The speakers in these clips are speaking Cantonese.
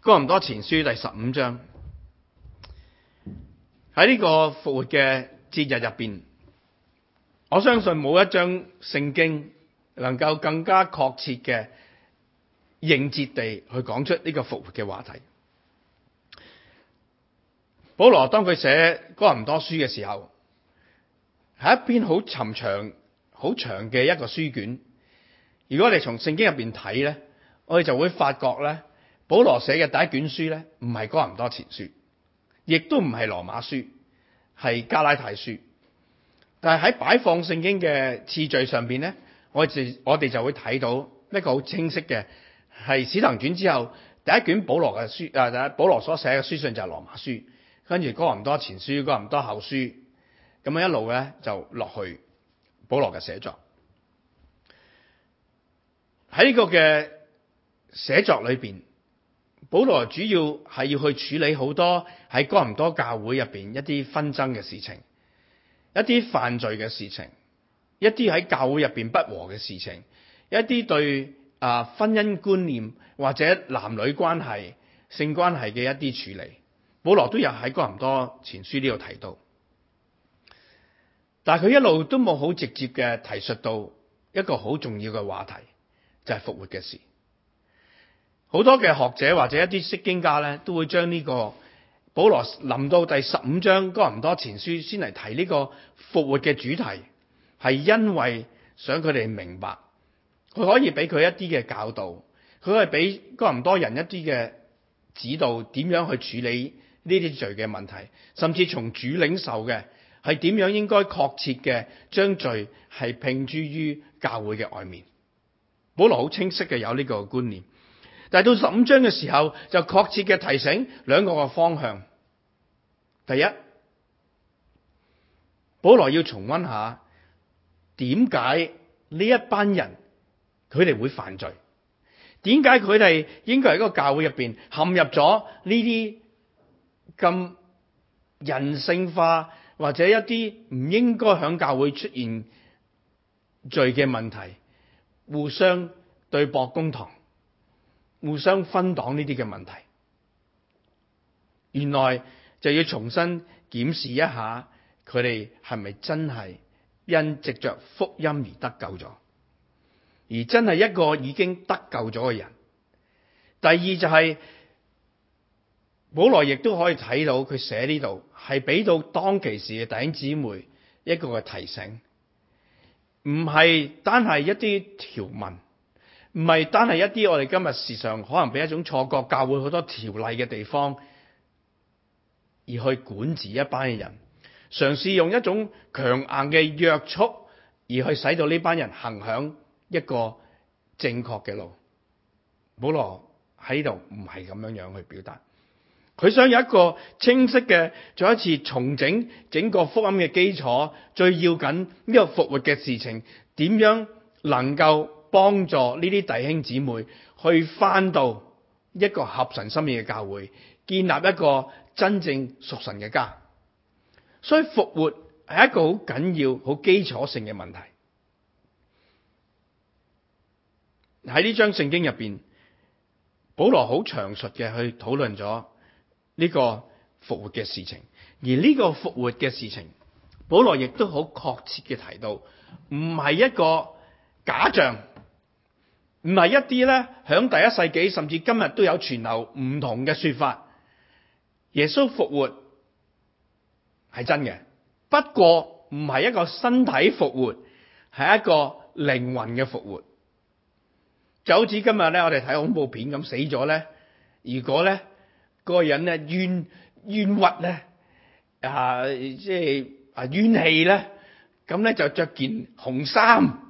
哥林多前書第十五章，喺呢個復活嘅節日入邊，我相信冇一章聖經能夠更加確切嘅應節地去講出呢個復活嘅話題。保羅當佢寫哥林多書嘅時候，係一篇好尋長、好長嘅一個書卷。如果我哋從聖經入邊睇呢，我哋就會發覺呢。保羅寫嘅第一卷書咧，唔係哥林多前書，亦都唔係羅馬書，係加拉太書。但係喺擺放聖經嘅次序上邊咧，我我哋就會睇到一個好清晰嘅，係使徒行傳之後第一卷保羅嘅書，第一保羅所寫嘅書信就係羅馬書，跟住哥林多前書、哥林多後書，咁樣一路咧就落去保羅嘅寫作。喺呢個嘅寫作裏邊。保羅主要係要去處理好多喺哥林多教會入邊一啲紛爭嘅事情，一啲犯罪嘅事情，一啲喺教會入邊不和嘅事情，一啲對啊婚姻觀念或者男女關係、性關係嘅一啲處理，保羅都有喺哥林多前書呢度提到，但係佢一路都冇好直接嘅提述到一個好重要嘅話題，就係復活嘅事。好多嘅學者或者一啲釋經家呢，都會將呢個保羅臨到第十五章哥林多前書先嚟提呢個復活嘅主題，係因為想佢哋明白，佢可以俾佢一啲嘅教導，佢係俾哥林多人一啲嘅指導，點樣去處理呢啲罪嘅問題，甚至從主領受嘅係點樣應該確切嘅將罪係摒諸於教會嘅外面。保羅好清晰嘅有呢個觀念。但係到十五章嘅時候，就確切嘅提醒兩個嘅方向。第一，保羅要重温下點解呢一班人佢哋會犯罪？點解佢哋應該喺個教會入邊陷入咗呢啲咁人性化或者一啲唔應該響教會出現罪嘅問題，互相對簿公堂？互相分黨呢啲嘅問題，原來就要重新檢視一下佢哋係咪真係因藉著福音而得救咗，而真係一個已經得救咗嘅人。第二就係保羅亦都可以睇到佢寫呢度係俾到當其時嘅弟兄姊妹一個嘅提醒，唔係單係一啲條文。唔係單係一啲我哋今日時常可能俾一種錯覺，教會好多條例嘅地方，而去管治一班嘅人，嘗試用一種強硬嘅約束，而去使到呢班人行響一個正確嘅路。保羅喺度唔係咁樣樣去表達，佢想有一個清晰嘅，做一次重整整個福音嘅基礎，最要緊呢個復活嘅事情點樣能夠？幫助呢啲弟兄姊妹去返到一個合神心意嘅教會，建立一個真正屬神嘅家。所以復活係一個好緊要、好基礎性嘅問題。喺呢章聖經入邊，保羅好詳述嘅去討論咗呢個復活嘅事情。而呢個復活嘅事情，保羅亦都好確切嘅提到，唔係一個假象。唔係一啲咧，響第一世紀甚至今日都有傳流唔同嘅說法。耶穌復活係真嘅，不過唔係一個身體復活，係一個靈魂嘅復活。就好似今日咧，我哋睇恐怖片咁，死咗咧，如果咧嗰個人咧冤冤屈咧，啊即係、就是、啊冤氣咧，咁咧就着件紅衫，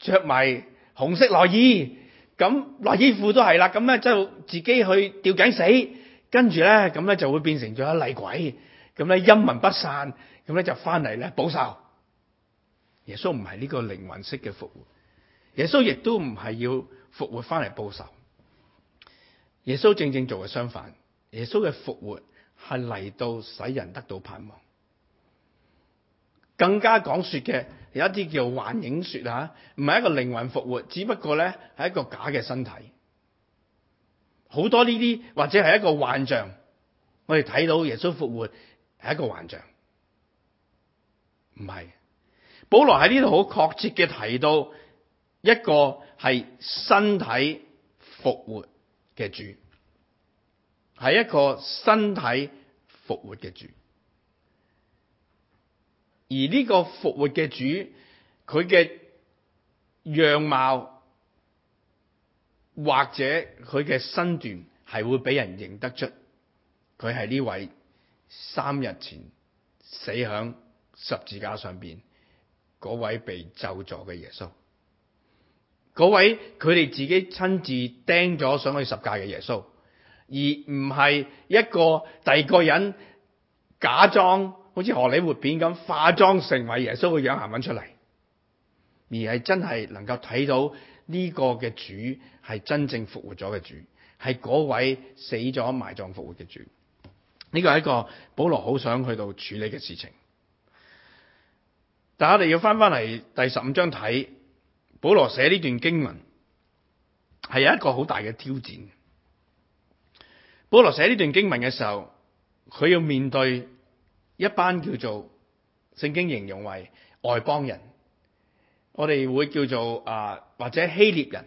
着埋。紅色內衣，咁內衣褲都係啦，咁咧就自己去吊頸死，跟住咧咁咧就會變成咗一厲鬼，咁咧陰魂不散，咁咧就翻嚟咧報仇。耶穌唔係呢個靈魂式嘅復活，耶穌亦都唔係要復活翻嚟報仇。耶穌正正做嘅相反，耶穌嘅復活係嚟到使人得到盼望。更加講說嘅有一啲叫幻影說吓，唔係一個靈魂復活，只不過咧係一個假嘅身體。好多呢啲或者係一個幻象，我哋睇到耶穌復活係一個幻象，唔係。保羅喺呢度好確切嘅提到一個係身體復活嘅主，係一個身體復活嘅主。而呢個復活嘅主，佢嘅樣貌或者佢嘅身段係會俾人認得出，佢係呢位三日前死響十字架上邊嗰位被咒詛嘅耶穌，嗰位佢哋自己親自釘咗上去十架嘅耶穌，而唔係一個第二個人假裝。好似荷里活片咁化妝成為耶穌嘅樣行返出嚟，而係真係能夠睇到呢個嘅主係真正復活咗嘅主，係嗰位死咗埋葬復活嘅主。呢個係一個保羅好想去到處理嘅事情。但係我哋要翻翻嚟第十五章睇，保羅寫呢段經文係有一個好大嘅挑戰。保羅寫呢段經文嘅時候，佢要面對。一班叫做聖經形容為外邦人，我哋會叫做啊，或者希臘人，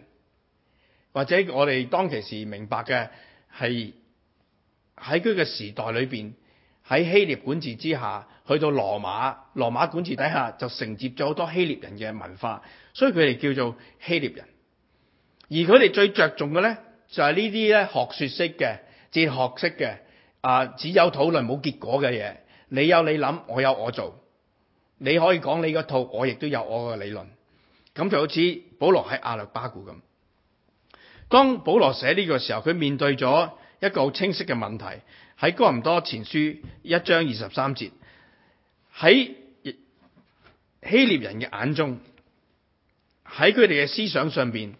或者我哋當其時明白嘅係喺佢嘅時代裏邊，喺希臘管治之下，去到羅馬，羅馬管治底下就承接咗好多希臘人嘅文化，所以佢哋叫做希臘人。而佢哋最着重嘅咧，就係呢啲咧學說式嘅哲學式嘅啊，只有討論冇結果嘅嘢。你有你諗，我有我做。你可以講你個套，我亦都有我嘅理論。咁就好似保羅喺亞略巴古咁。當保羅寫呢個時候，佢面對咗一個好清晰嘅問題。喺歌林多前書一章二十三節，喺希臘人嘅眼中，喺佢哋嘅思想上邊，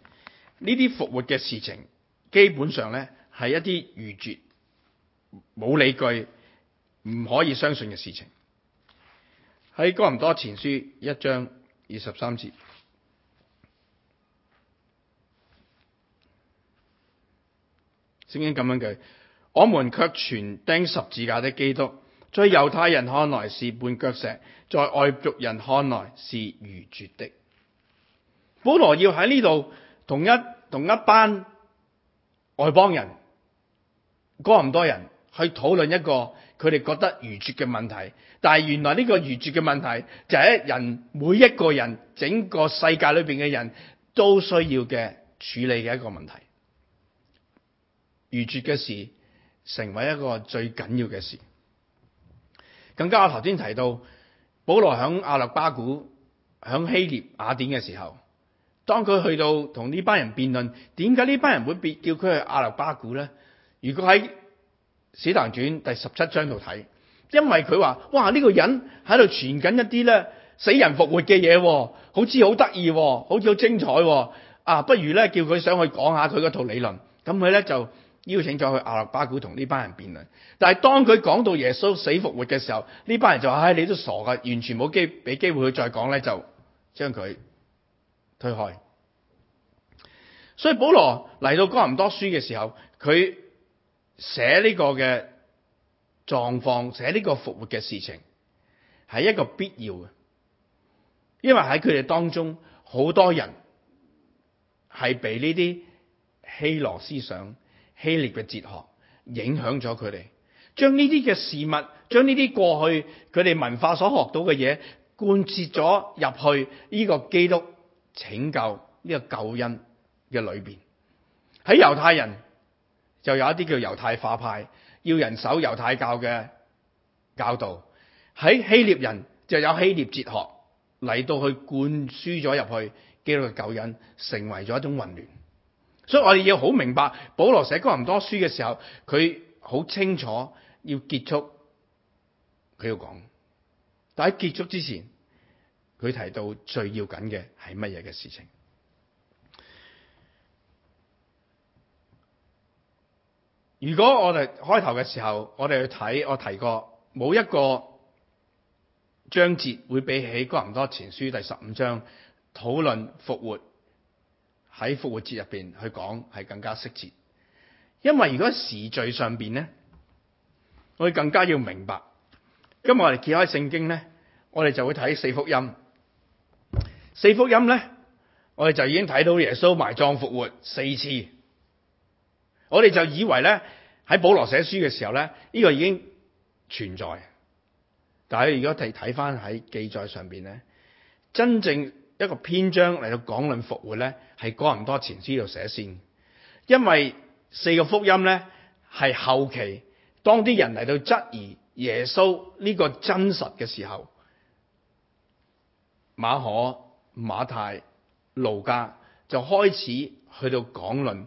呢啲復活嘅事情基本上呢係一啲愚拙，冇理據，唔可以相信嘅事情，喺哥林多前書一章二十三節，聖經咁樣句：我們卻傳釘十字架的基督，在猶太人看來是絆腳石，在外族人看來是愚拙的。保羅要喺呢度同一同一班外邦人、哥林多人去討論一個佢哋覺得愚拙嘅問題，但係原來呢個愚拙嘅問題就係人每一個人整個世界裏面嘅人都需要嘅處理嘅一個問題。愚拙嘅事成為一個最緊要嘅事，更加我頭先提到，保羅喺亞略巴古、喺希臘雅典嘅時候，當佢去到同呢班人辯論，點解呢班人會別叫佢去亞略巴古咧？如果喺使徒行傳第十七章度睇，因為佢話哇呢、這個人喺度傳緊一啲咧死人復活嘅嘢，好似好得意，好似好精彩。啊，不如咧叫佢上去講下佢嗰套理論。咁佢咧就邀請咗去亞略巴古同呢班人辯論。但係當佢講到耶穌死復活嘅時候，呢班人就話：，唉、哎，你都傻㗎，完全冇機俾機會佢再講咧，就將佢推開。所以保羅嚟到歌林多書嘅時候，佢。寫呢個嘅狀況，寫呢個復活嘅事情，係一個必要嘅，因為喺佢哋當中好多人係被呢啲希羅思想、希臘嘅哲學影響咗佢哋，將呢啲嘅事物、將呢啲過去佢哋文化所學到嘅嘢，貫徹咗入去呢個基督拯救呢、這個救恩嘅裏邊，喺猶太人。就有一啲叫猶太化派，要人守猶太教嘅教導。喺希臘人就有希臘哲學嚟到去灌輸咗入去，基督嘅教引成為咗一種混亂。所以我哋要好明白，保羅寫哥林多書嘅時候，佢好清楚要結束，佢要講。但喺結束之前，佢提到最要緊嘅係乜嘢嘅事情？如果我哋開頭嘅時候，我哋去睇，我提過冇一個章節會比起《哥林多前書》第十五章討論復活喺復活節入邊去講係更加適切，因為如果在時序上邊咧，我哋更加要明白。今日我哋揭開聖經咧，我哋就會睇四福音。四福音咧，我哋就已經睇到耶穌埋葬復活四次。我哋就以為咧，喺保羅寫書嘅時候咧，呢、這個已經存在。但係如果睇睇翻喺記載上邊咧，真正一個篇章嚟到講論復活咧，係哥林多前書度寫先。因為四個福音咧係後期，當啲人嚟到質疑耶穌呢個真實嘅時候，馬可、馬太、路加就開始去到講論。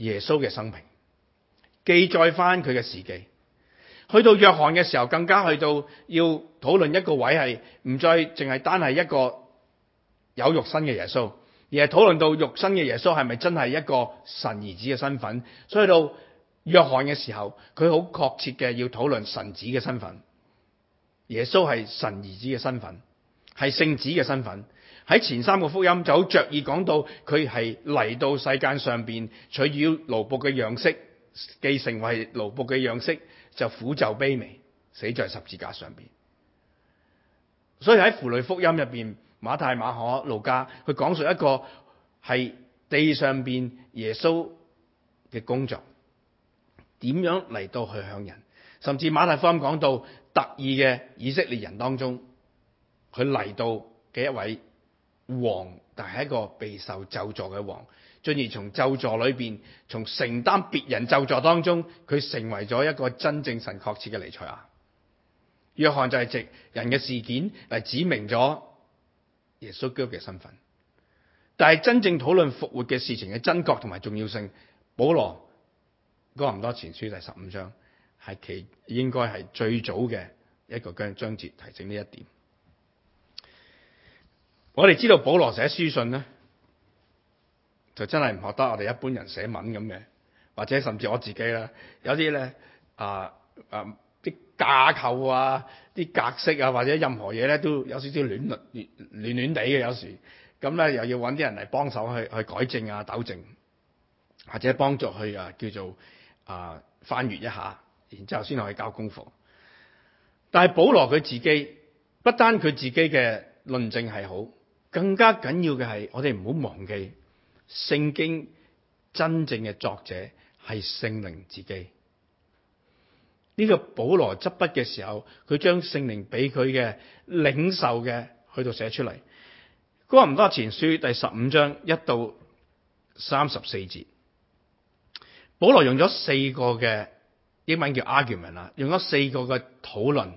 耶穌嘅生平記載翻佢嘅事蹟，去到約翰嘅時候，更加去到要討論一個位係唔再淨係單係一個有肉身嘅耶穌，而係討論到肉身嘅耶穌係咪真係一個神兒子嘅身份？所以到約翰嘅時候，佢好確切嘅要討論神子嘅身份，耶穌係神兒子嘅身份，係聖子嘅身份。喺前三個福音就好著意講到佢係嚟到世間上邊取要奴僕嘅樣式，既成為奴僕嘅樣式，就苦就卑微，死在十字架上邊。所以喺符類福音入邊，面馬太、馬可、路加，佢講述一個係地上邊耶穌嘅工作，點樣嚟到去向人，甚至馬太福音講到特意嘅以色列人當中，佢嚟到嘅一位。王，但係一個備受咒詛嘅王，進而從咒詛裏邊，從承擔別人咒詛當中，佢成為咗一個真正神確切嘅彌賽亞。約翰就係藉人嘅事件嚟指明咗耶穌基督嘅身份。但係真正討論復活嘅事情嘅真確同埋重要性，保羅哥林多前書第十五章係其應該係最早嘅一個嘅章節，提醒呢一點。我哋知道保羅寫書信咧，就真係唔學得我哋一般人寫文咁嘅，或者甚至我自己咧，有啲咧啊啊啲架構啊、啲格式啊，或者任何嘢咧都有少少亂亂亂亂地嘅有時，咁咧又要搵啲人嚟幫手去去改正啊、糾正，或者幫助去啊叫做啊翻閱一下，然之後先可以交功課。但係保羅佢自己，不單佢自己嘅論證係好。更加緊要嘅係，我哋唔好忘記聖經真正嘅作者係聖靈自己。呢、這個保羅執筆嘅時候，佢將聖靈俾佢嘅領袖嘅去到寫出嚟。佢話歌林多前書第十五章一到三十四節，保羅用咗四個嘅英文叫 argument 啊，用咗四個嘅討論，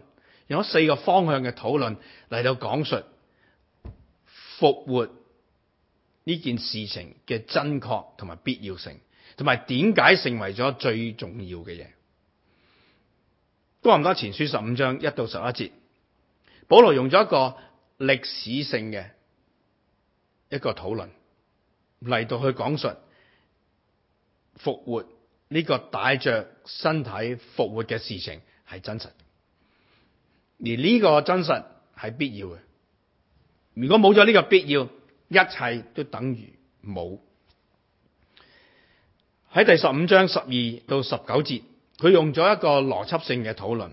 用咗四個方向嘅討論嚟到講述。復活呢件事情嘅真確同埋必要性，同埋點解成為咗最重要嘅嘢？哥林多前書十五章一到十一節，保羅用咗一個歷史性嘅一個討論嚟到去講述復活呢個帶着身體復活嘅事情係真實，而呢個真實係必要嘅。如果冇咗呢個必要，一切都等於冇。喺第十五章十二到十九節，佢用咗一個邏輯性嘅討論。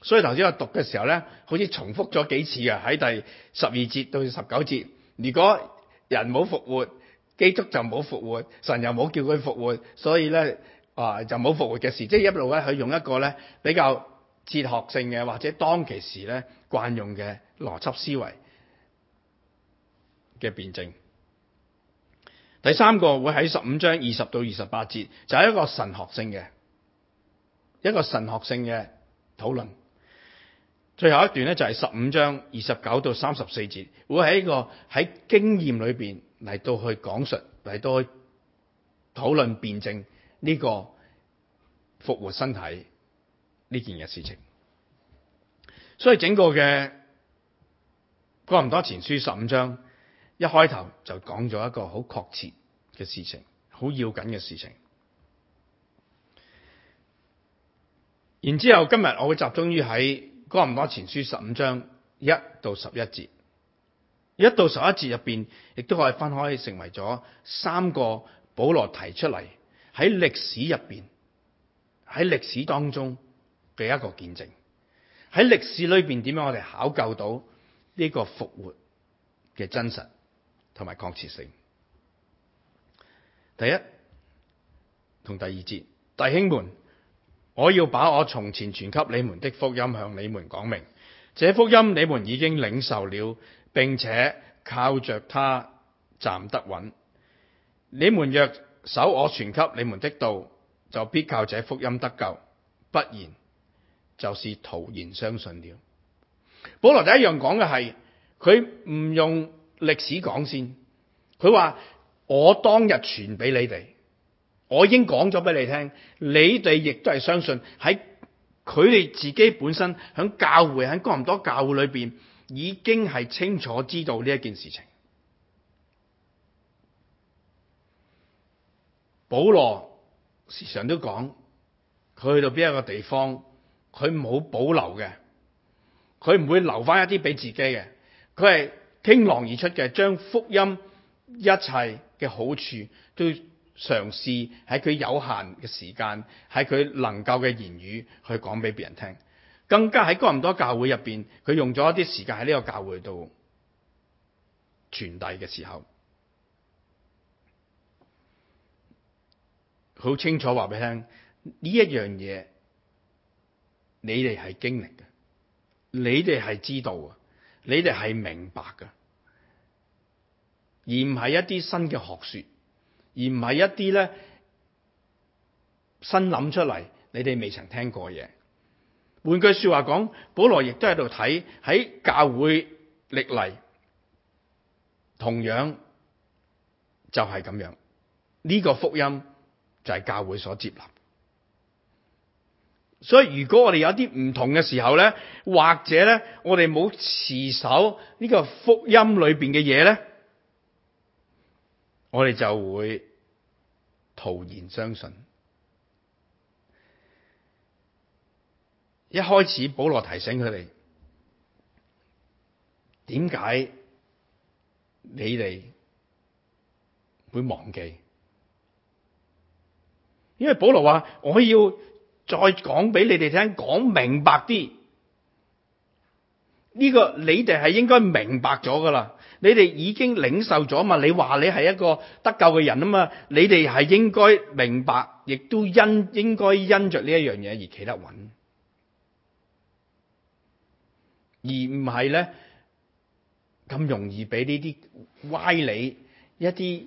所以頭先我讀嘅時候咧，好似重複咗幾次啊。喺第十二節到十九節。如果人冇復活，基督就冇復活，神又冇叫佢復活，所以咧啊就冇復活嘅事。即係一路咧，佢用一個咧比較哲學性嘅或者當其時咧慣用嘅邏輯思維。嘅辯證，第三個會喺十五章二十到二十八節，就係一個神學性嘅一個神學性嘅討論。最後一段咧就係十五章二十九到三十四節，會喺一個喺經驗裏邊嚟，到去講述，嚟，到去討論辯證呢個復活身體呢件嘅事情。所以整個嘅《哥林多前書》十五章。一開頭就講咗一個好確切嘅事情，好要緊嘅事情。然之後今日我會集中於喺《歌林多前書》十五章一到十一節，一到十一節入邊，亦都可以分開成為咗三個保羅提出嚟喺歷史入邊、喺歷史當中嘅一個見證。喺歷史裏邊，點樣我哋考究到呢個復活嘅真實？同埋確切性，第一同第二節，弟兄們，我要把我從前傳給你們的福音向你們講明。這福音你們已經領受了，並且靠着它站得穩。你們若守我傳給你們的道，就必靠這福音得救；不然，就是徒然相信了。保羅第一樣講嘅係，佢唔用。歷史講先，佢話我當日傳俾你哋，我已經講咗俾你聽，你哋亦都係相信喺佢哋自己本身喺教會喺哥林多教會裏邊已經係清楚知道呢一件事情。保羅時常都講，佢去到邊一個地方，佢冇保留嘅，佢唔會留翻一啲俾自己嘅，佢係。傾囊而出嘅，將福音一切嘅好處都嘗試喺佢有限嘅時間，喺佢能夠嘅言語去講俾別人聽。更加喺歌林多教會入邊，佢用咗一啲時間喺呢個教會度傳遞嘅時候，好清楚話俾你聽呢一樣嘢，你哋係經歷嘅，你哋係知道啊，你哋係明白噶。而唔係一啲新嘅學說，而唔係一啲咧新諗出嚟，你哋未曾聽過嘅嘢。換句說話講，保羅亦都喺度睇喺教會歷嚟，同樣就係咁樣。呢個福音就係教會所接納。所以如果我哋有啲唔同嘅時候咧，或者咧，我哋冇持守呢個福音裏邊嘅嘢咧。我哋就會徒然相信。一開始保羅提醒佢哋，點解你哋會忘記？因為保羅話：我要再講俾你哋聽，講明白啲。呢個你哋係應該明白咗噶啦。你哋已經領受咗嘛？你話你係一個得救嘅人啊嘛？你哋係應該明白，亦都因應該因着呢一樣嘢而企得穩，而唔係咧咁容易俾呢啲歪理、一啲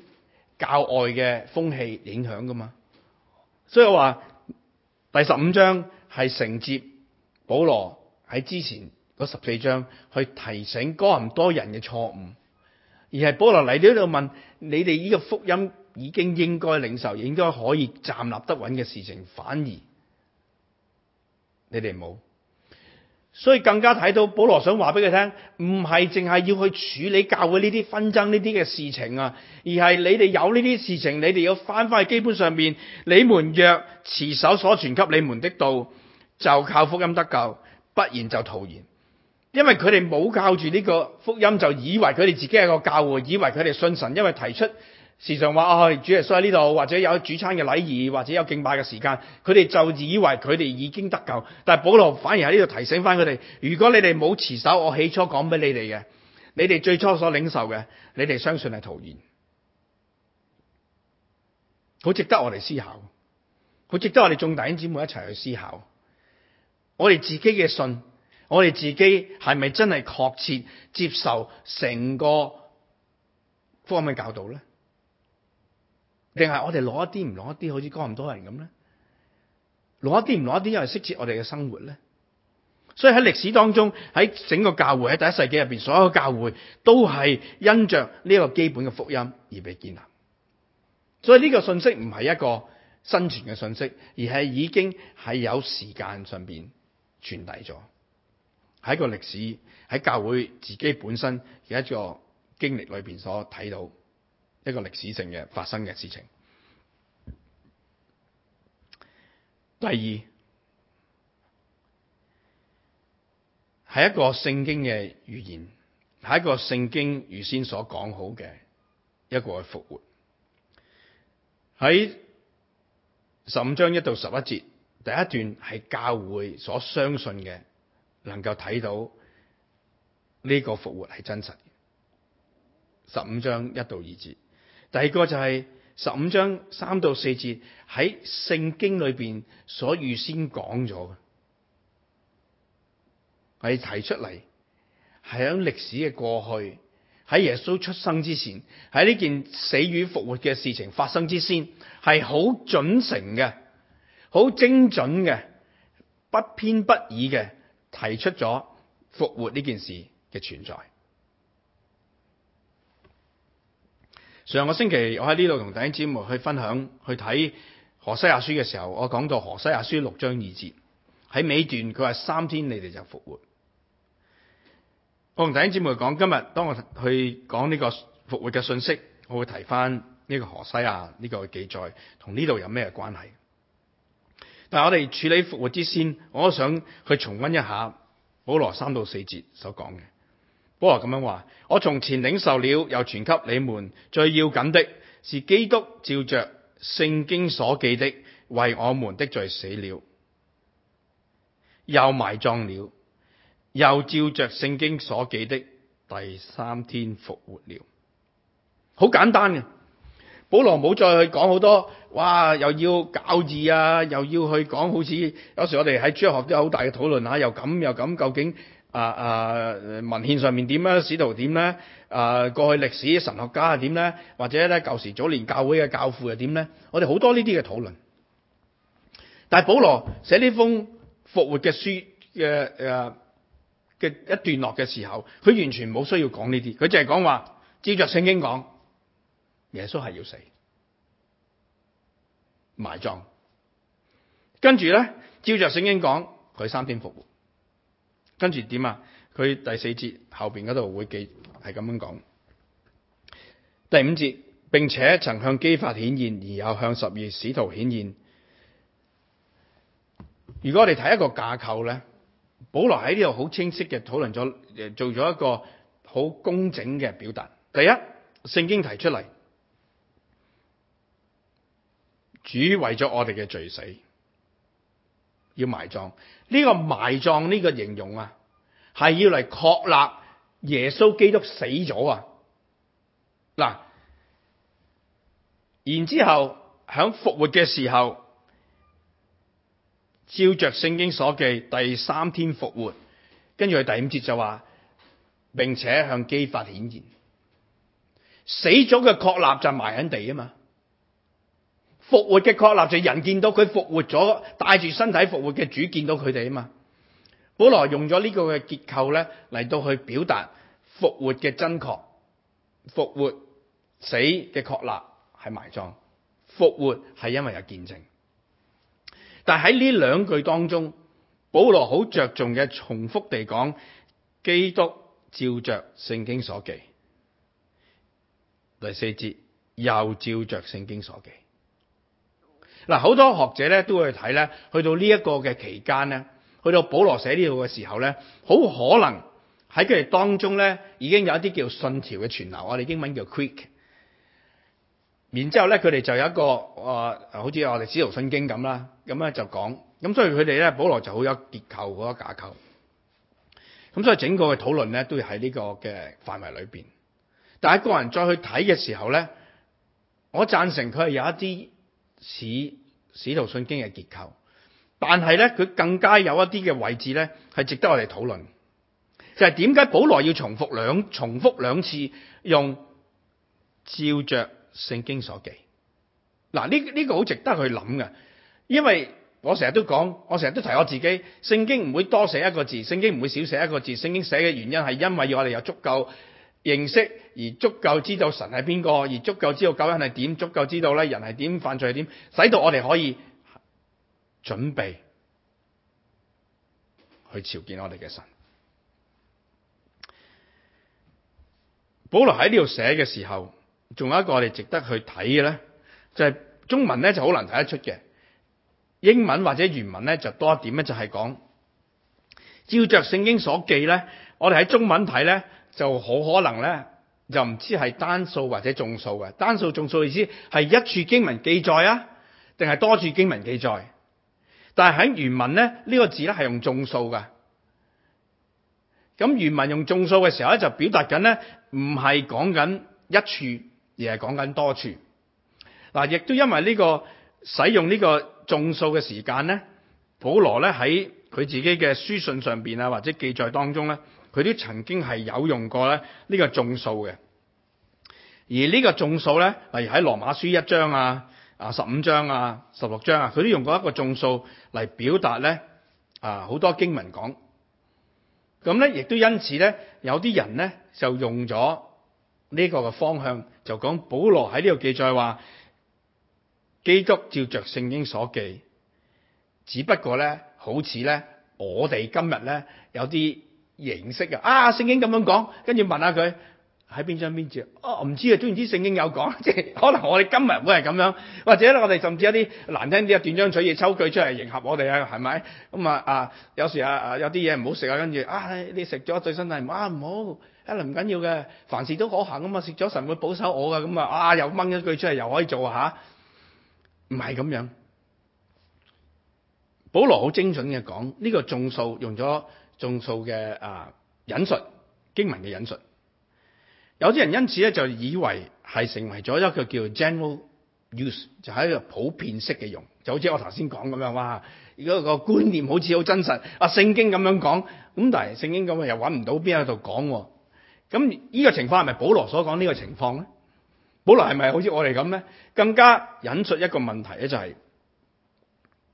教外嘅風氣影響噶嘛？所以我話第十五章係承接保羅喺之前嗰十四章去提醒哥林多人嘅錯誤。而係保羅嚟呢度問你哋呢個福音已經應該領受，應該可以站立得穩嘅事情，反而你哋冇，所以更加睇到保羅想話俾佢聽，唔係淨係要去處理教會呢啲紛爭呢啲嘅事情啊，而係你哋有呢啲事情，你哋要翻翻去基本上面。你們若持守所傳給你們的道，就靠福音得救，不然就徒然。因為佢哋冇靠住呢個福音，就以為佢哋自己係個教會，以為佢哋信神。因為提出時常話哦、哎，主耶穌喺呢度，或者有主餐嘅禮儀，或者有敬拜嘅時間，佢哋就以為佢哋已經得救。但係保羅反而喺呢度提醒翻佢哋，如果你哋冇持守我起初講俾你哋嘅，你哋最初所領受嘅，你哋相信係徒然。好值得我哋思考，好值得我哋眾弟兄姊妹一齊去思考。我哋自己嘅信。我哋自己係咪真係確切接受成個福音嘅教導咧？定係我哋攞一啲唔攞一啲，好似歌林多人咁咧？攞一啲唔攞一啲，又係適切我哋嘅生活咧？所以喺歷史當中，喺整個教會喺第一世紀入邊，所有嘅教會都係因着呢個基本嘅福音而被建立。所以呢個信息唔係一個生存嘅信息，而係已經係有時間上邊傳遞咗。喺個歷史喺教會自己本身嘅一個經歷裏邊所睇到一個歷史性嘅發生嘅事情。第二，係一個聖經嘅預言，係一個聖經預先所講好嘅一個復活。喺十五章一到十一節，第一段係教會所相信嘅。能夠睇到呢個復活係真實，十五章一到二節。第二個就係十五章三到四節，喺聖經裏邊所預先講咗嘅，係提出嚟係喺歷史嘅過去，喺耶穌出生之前，喺呢件死與復活嘅事情發生之先係好準成嘅，好精準嘅，不偏不倚嘅。提出咗復活呢件事嘅存在。上個星期我喺呢度同弟兄姐妹去分享、去睇何西阿書嘅時候，我講到何西阿書六章二節喺尾段，佢話三天你哋就復活。我同弟兄姐妹講，今日當我去講呢個復活嘅信息，我會提返呢個何西阿呢個記載同呢度有咩關係？但我哋處理復活之先，我想去重溫一下保羅三到四節所講嘅。保羅咁樣話：我從前領受了，又傳給你們。最要緊的是基督照着聖經所記的，為我們的罪死了，又埋葬了，又照着聖經所記的，第三天復活了。好簡單嘅。保羅冇再去講好多，哇，又要搞字啊，又要去講好似有時我哋喺中學都有好大嘅討論下，又咁又咁，究竟啊啊文獻上面點咧？使徒點咧，啊？過過去歷史神學家係點咧？或者咧舊時早年教會嘅教父又點咧？我哋好多呢啲嘅討論。但係保羅寫呢封復活嘅書嘅誒嘅一段落嘅時候，佢完全冇需要講呢啲，佢淨係講話照著聖經講。耶穌係要死埋葬，跟住咧照着聖經講，佢三天復活，跟住點啊？佢第四節後邊嗰度會記係咁樣講。第五節，並且曾向基法顯現，而後向十二使徒顯現。如果我哋睇一個架構咧，保羅喺呢度好清晰嘅討論咗，誒做咗一個好工整嘅表達。第一，聖經提出嚟。主為咗我哋嘅罪死，要埋葬。呢個埋葬呢個形容啊，係要嚟確立耶穌基督死咗啊！嗱，然之後響復活嘅時候，照着聖經所記，第三天復活。跟住佢第五節就話，並且向基法顯現，死咗嘅確立就埋喺地啊嘛。復活嘅確立就人見到佢復活咗，帶住身體復活嘅主見到佢哋啊嘛。保羅用咗呢個嘅結構咧嚟到去表達復活嘅真確，復活死嘅確立係埋葬，復活係因為有見證。但喺呢兩句當中，保羅好着重嘅重複地講，基督照着聖經所記，第四節又照着聖經所記。嗱，好多學者咧都會去睇咧，去到呢一個嘅期間咧，去到保羅寫呢度嘅時候咧，好可能喺佢哋當中咧已經有一啲叫信條嘅傳流，我哋英文叫 creed，然之後咧，佢哋就有一個、呃、好似我哋《使徒信經》咁啦，咁咧就講，咁所以佢哋咧保羅就好有結構嗰個架構。咁所以整個嘅討論咧都喺呢個嘅範圍裏面。但係個人再去睇嘅時候咧，我贊成佢係有一啲。使使徒信經嘅結構，但係呢，佢更加有一啲嘅位置呢，係值得我哋討論，就係點解保羅要重複兩重複兩次用照着聖經所記，嗱呢呢個好、這個、值得去諗嘅，因為我成日都講，我成日都提我自己，聖經唔會多寫一個字，聖經唔會少寫一個字，聖經寫嘅原因係因為要我哋有足夠。認識而足夠知道神係邊個，而足夠知道救恩係點，足夠知道咧人係點、犯罪係點，使到我哋可以準備去朝見我哋嘅神。保羅喺呢度寫嘅時候，仲有一個我哋值得去睇嘅咧，就係、是、中文咧就好難睇得出嘅，英文或者原文咧就多一點咧，就係講照着聖經所記咧，我哋喺中文睇咧。就好可能呢，就唔知係單數或者眾數嘅。單數、眾數意思係一處經文記載啊，定係多處經文記載？但係喺原文呢，呢個字呢係用眾數嘅。咁原文用眾數嘅時候呢，就表達緊呢唔係講緊一處，而係講緊多處。嗱，亦都因為呢個使用呢個眾數嘅時間呢，保羅呢喺佢自己嘅書信上邊啊，或者記載當中呢。佢都曾經係有用過咧呢個眾數嘅，而呢個眾數咧，例如喺羅馬書一章啊、啊十五章啊、十六章啊，佢都用過一個眾數嚟表達咧啊，好多經文講，咁咧亦都因此咧，有啲人咧就用咗呢個嘅方向，就講保羅喺呢度記載話，基督照著聖經所記，只不過咧，好似咧我哋今日咧有啲形式啊，啊，聖經咁樣講，跟住問下佢喺邊章邊節？哦，唔知啊，雖然知道聖經有講，即係可能我哋今日會係咁樣，或者我哋甚至一啲難聽啲啊，斷章取義抽句出嚟，迎合我哋啊，係咪？咁啊啊，有時啊啊，有啲嘢唔好食啊，跟住啊，你食咗對身體啊唔好，一唔緊要嘅，凡事都可行啊嘛，食咗神會保守我噶，咁啊啊，又掹一句出嚟，又可以做啊吓，唔係咁樣。保羅好精準嘅講呢個眾數用咗，眾數嘅啊引述經文嘅引述，有啲人因此咧就以為係成為咗一個叫 general use，就係一個普遍式嘅用，就好似我頭先講咁樣，哇！如果個觀念好似好真實，啊聖經咁樣講，咁但係聖經咁樣又揾唔到邊一度講喎，咁呢個情況係咪保羅所講呢個情況咧？保羅係咪好似我哋咁咧？更加引述一個問題咧，就係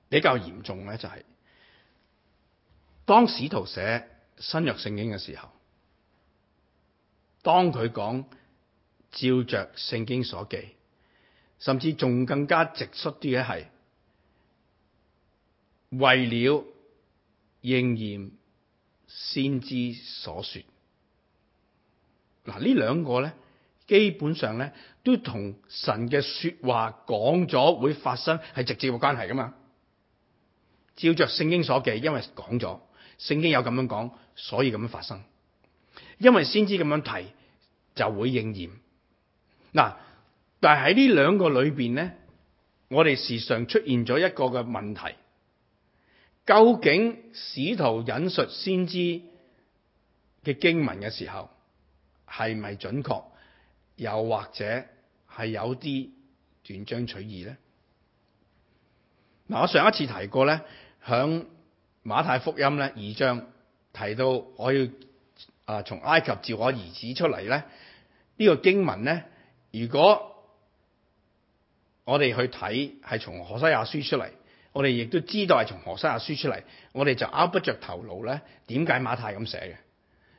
比較嚴重咧，就係。當使徒寫新約聖經嘅時候，當佢講照着聖經所記，甚至仲更加直率啲嘅係，為了應驗先知所說。嗱，呢兩個咧，基本上咧都同神嘅說話講咗會發生係直接嘅關係噶嘛？照着聖經所記，因為講咗。聖經有咁樣講，所以咁樣發生，因為先知咁樣提就會應驗。嗱，但係喺呢兩個裏邊呢，我哋時常出現咗一個嘅問題：究竟使徒引述先知嘅經文嘅時候係咪準確？又或者係有啲斷章取義呢？嗱，我上一次提過呢。響。馬太福音咧，二章提到，我要啊從埃及召我兒子出嚟咧，呢個經文咧，如果我哋去睇係從何西阿書出嚟，我哋亦都知道係從何西阿書出嚟，我哋就拗不着頭腦咧，點解馬太咁寫嘅？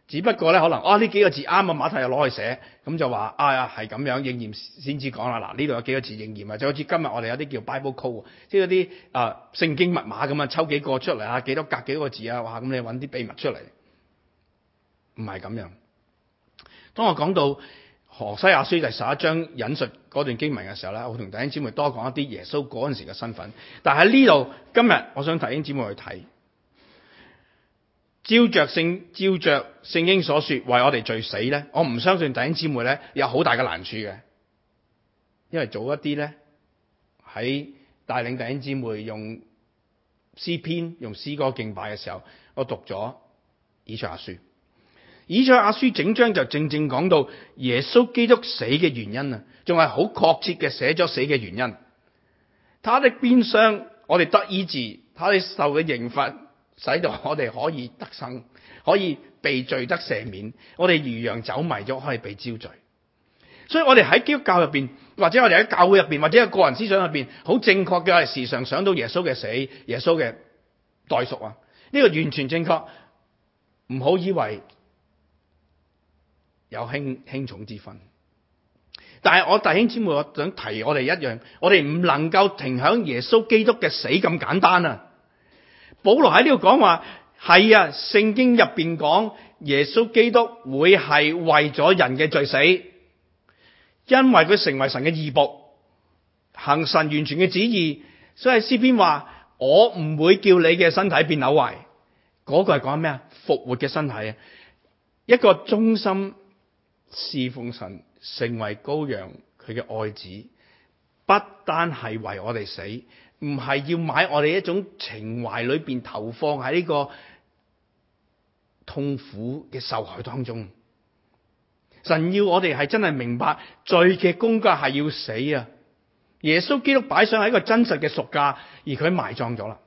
只不過咧，可能啊呢幾個字啱啊，馬太又攞去寫，咁就話呀，係、啊、咁樣應驗先至講啦。嗱呢度有幾個字應驗 code, 啊，就好似今日我哋有啲叫 Bible Code，即係嗰啲啊聖經密碼咁啊，抽幾個出嚟啊，幾多格幾個個字啊，哇咁你揾啲秘密出嚟，唔係咁樣。當我講到何西亞書第十一章引述嗰段經文嘅時候咧，我同弟兄姊妹多講一啲耶穌嗰陣時嘅身份。但係喺呢度今日，我想提，弟兄姊妹去睇。照着聖照着聖經所說，為我哋罪死咧，我唔相信弟兄姊妹咧有好大嘅難處嘅，因為早一啲咧喺帶領弟兄姊妹用詩篇、用詩歌敬拜嘅時候，我讀咗以賽亞書，以賽亞書整章就正正講到耶穌基督死嘅原因啊，仲係好確切嘅寫咗死嘅原因，他的鞭傷我哋得醫治，他哋受嘅刑罰。使到我哋可以得生，可以被罪得赦免。我哋如羊走迷咗，可以被招罪。所以我哋喺基督教入邊，或者我哋喺教會入邊，或者喺個人思想入邊，好正確嘅係時常想到耶穌嘅死、耶穌嘅代贖啊！呢個完全正確，唔好以為有輕輕重之分。但係我弟兄姊妹，我想提我哋一樣，我哋唔能夠停響耶穌基督嘅死咁簡單啊！保羅喺呢度講話係啊，聖經入邊講耶穌基督會係為咗人嘅罪死，因為佢成為神嘅義僕，行神完全嘅旨意。所以詩篇話：我唔會叫你嘅身體變朽壞。嗰個係講咩啊？復活嘅身體，一個忠心侍奉神，成為羔羊佢嘅愛子，不單係為我哋死。唔係要買我哋一種情懷裏邊投放喺呢個痛苦嘅受害當中。神要我哋係真係明白罪嘅工價係要死啊！耶穌基督擺上喺一個真實嘅贖價，而佢埋葬咗啦。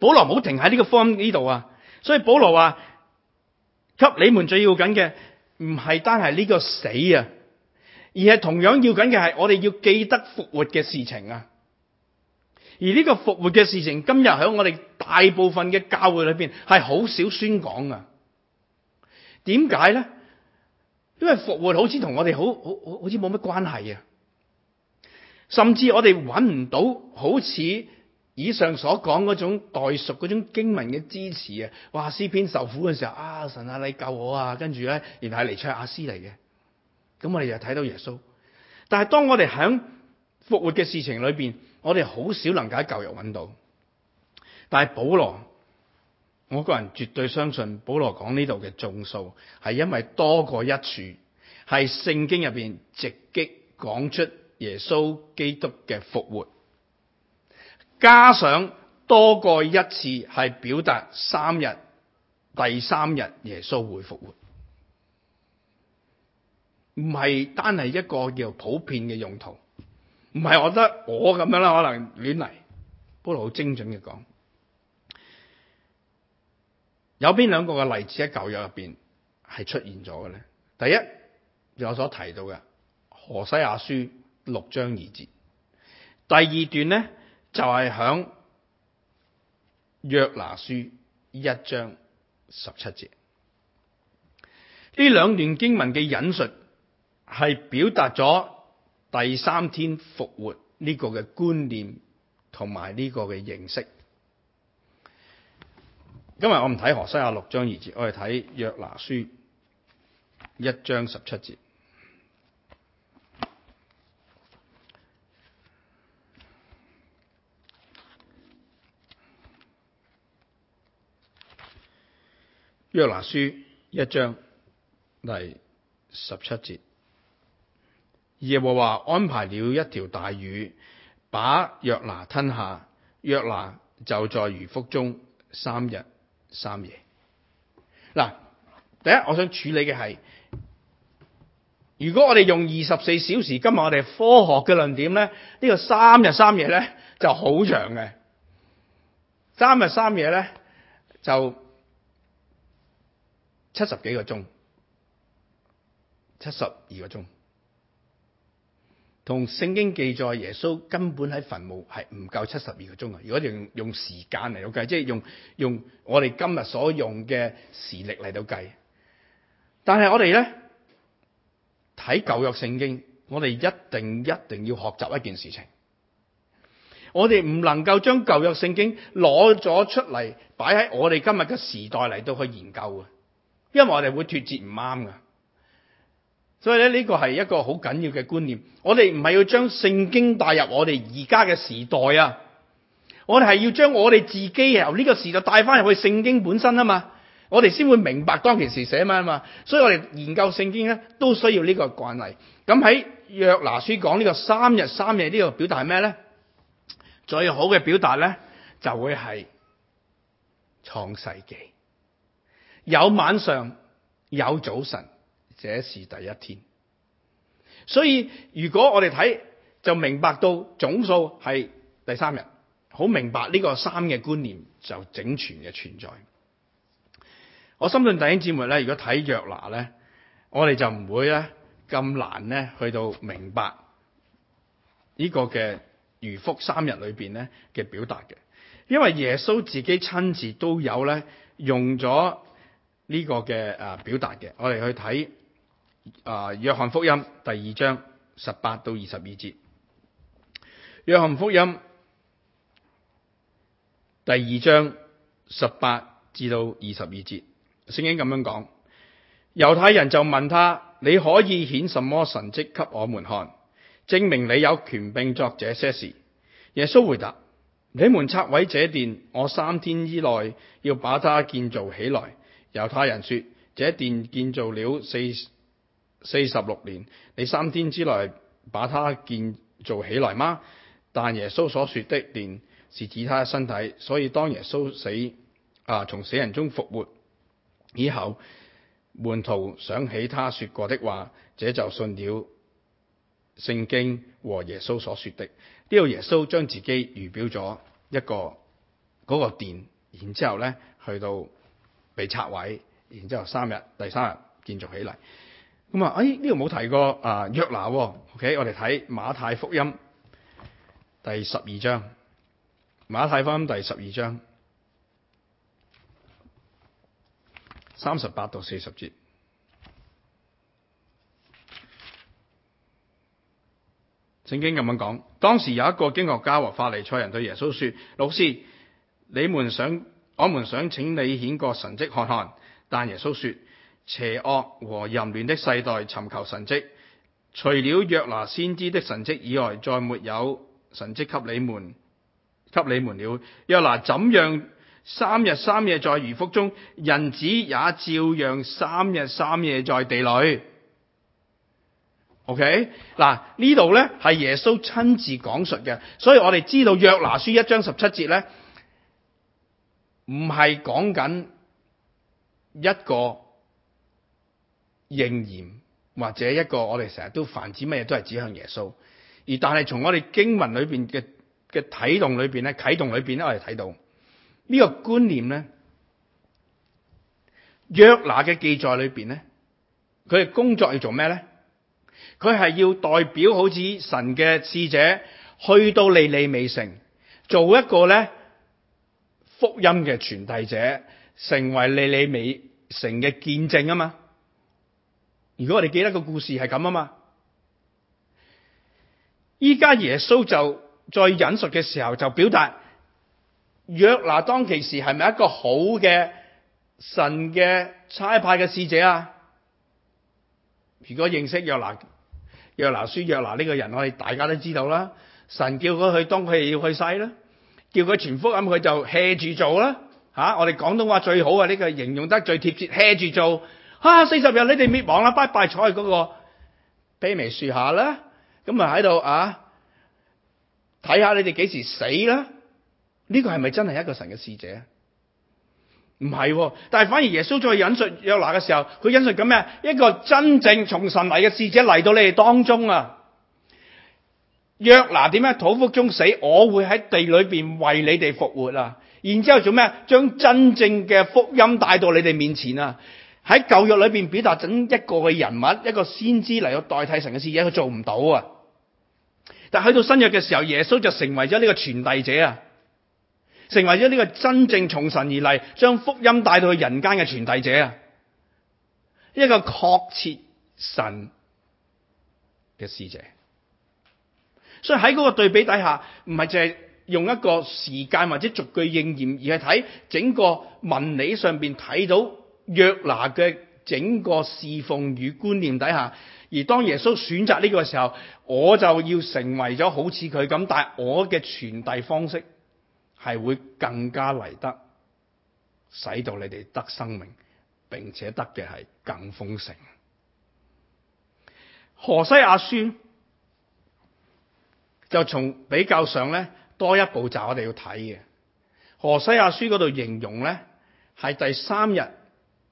保羅唔好停喺呢個方呢度啊，所以保羅話：給你們最要緊嘅唔係單係呢個死啊，而係同樣要緊嘅係我哋要記得復活嘅事情啊。而呢個復活嘅事情，今日喺我哋大部分嘅教會裏邊係好少宣講㗎。點解咧？因為復活好似同我哋好好好似冇乜關係啊！甚至我哋揾唔到好似以上所講嗰種代贖嗰種經文嘅支持啊！哇，詩篇受苦嘅時候啊，神啊，你救我啊！跟住咧，原來係彌賽亞詩嚟嘅。咁我哋又睇到耶穌。但係當我哋喺復活嘅事情裏邊，我哋好少能夠喺舊約揾到，但係保羅，我個人絕對相信保羅講呢度嘅眾數係因為多過一處，係聖經入邊直擊講出耶穌基督嘅復活，加上多過一次係表達三日、第三日耶穌會復活，唔係單係一個叫普遍嘅用途。唔係，我覺得我咁樣啦，可能亂嚟。不過好精準嘅，講有邊兩個嘅例子喺舊約入邊係出現咗嘅咧？第一，我所提到嘅何西亞書六章二節；第二段咧就係、是、響約拿書一章十七節。呢兩段經文嘅引述係表達咗第三天復活呢個嘅觀念同埋呢個嘅認識。今日我唔睇《何西阿》六章二節，我哋睇《約拿書》一章十七節，《約拿書》一章第十七節。耶和華安排了一條大魚，把約拿吞下，約拿就在魚腹中三日三夜。嗱，第一我想處理嘅係，如果我哋用二十四小時，今日我哋科學嘅論點咧，呢個三日三夜咧就好長嘅。三日三夜咧就七十幾個鐘，七十二個鐘。同聖經記載耶穌根本喺墳墓係唔夠七十二個鐘啊！如果用用時間嚟到計，即係用用我哋今日所用嘅時力嚟到計。但係我哋咧睇舊約聖經，我哋一定一定要學習一件事情。我哋唔能夠將舊約聖經攞咗出嚟，擺喺我哋今日嘅時代嚟到去研究啊，因為我哋會脫節唔啱噶。所以咧，呢個係一個好緊要嘅觀念。我哋唔係要將聖經帶入我哋而家嘅時代啊，我哋係要將我哋自己由呢個時代帶翻入去聖經本身啊嘛。我哋先會明白當其時寫咩啊嘛。所以我哋研究聖經咧，都需要呢個慣例。咁喺約拿書講呢個三日三夜呢個表達係咩咧？最好嘅表達咧，就會係創世紀，有晚上，有早晨。這是第一天，所以如果我哋睇就明白到總數係第三日，好明白呢個三嘅觀念就整全嘅存在。我深信弟兄姊妹咧，如果睇約拿呢，我哋就唔會咧咁難咧去到明白呢個嘅魚腹三日裏邊咧嘅表達嘅，因為耶穌自己親自都有咧用咗呢個嘅啊表達嘅，我哋去睇。約、啊、約翰福音第二章十八到二十二節，約翰福音第二章十八至到二十二節，聖經咁樣講：猶太人就問他，你可以顯什麼神蹟給我們看，證明你有權柄作這些事？耶穌回答：你們拆毀這殿，我三天以內要把它建造起來。猶太人說：這殿建造了四。四十六年，你三天之內把它建造起來嗎？但耶穌所說的殿是指他的身體，所以當耶穌死啊，從死人中復活以後，門徒想起他說過的話，這就信了聖經和耶穌所說的。呢個耶穌將自己預表咗一個嗰個殿，然之後呢去到被拆毀，然之後三日，第三日建造起來咁、哎、啊！哎，呢度冇提過啊約拿、哦。OK，我哋睇馬太福音第十二章。馬太福音第十二章三十八到四十節，聖經咁樣講：當時有一個經學家和法利賽人對耶穌說，老師，你們想，我們想請你顯個神蹟看看。但耶穌說。邪惡和淫亂的世代尋求神迹，除了約拿先知的神迹以外，再沒有神迹給你們，給你們了。約拿怎樣三日三夜在魚腹中，人子也照樣三日三夜在地裏。OK，嗱呢度咧係耶穌親自講述嘅，所以我哋知道約拿書一章十七節咧，唔係講緊一個。仍然或者一個我哋成日都泛指乜嘢都係指向耶穌，而但係從我哋經文裏邊嘅嘅啟動裏邊咧、啟動裏邊咧，我哋睇到呢個觀念咧，約拿嘅記載裏邊咧，佢嘅工作要做咩咧？佢係要代表好似神嘅使者去到尼尼微城做一個咧福音嘅傳遞者，成爲尼尼微城嘅見證啊嘛。如果我哋記得個故事係咁啊嘛，依家耶穌就再引述嘅時候就表達約拿當其時係咪一個好嘅神嘅差派嘅使者啊？如果認識約拿、約拿書、約拿呢個人，我哋大家都知道啦。神叫佢去，當佢要去世啦，叫佢傳福音，佢就 hea 住做啦。吓，我哋廣東話最好啊，呢個形容得最貼切 hea 住做。啊！四十日你哋滅亡啦，拜拜坐喺嗰個卑微樹下啦，咁咪喺度啊？睇下你哋幾時死啦？呢、這個係咪真係一個神嘅使者？唔係、啊，但係反而耶穌再引述約拿嘅時候，佢引述緊咩？一個真正從神嚟嘅使者嚟到你哋當中啊！約拿點樣？土腹中死，我會喺地裏邊為你哋復活啦、啊。然之後做咩？將真正嘅福音帶到你哋面前啊！喺舊約裏邊表達整一個嘅人物，一個先知嚟到代替神嘅使者，佢做唔到啊！但係去到新約嘅時候，耶穌就成為咗呢個傳遞者啊，成為咗呢個真正從神而嚟，將福音帶到去人間嘅傳遞者啊，一個確切神嘅使者。所以喺嗰個對比底下，唔係淨係用一個時間或者逐句應驗，而係睇整個文理上邊睇到。約拿嘅整個侍奉與觀念底下，而當耶穌選擇呢個時候，我就要成為咗好似佢咁，但係我嘅傳遞方式係會更加嚟得，使到你哋得生命，並且得嘅係更豐盛。何西亞書就從比較上咧多一步驟我，我哋要睇嘅何西亞書嗰度形容咧係第三日。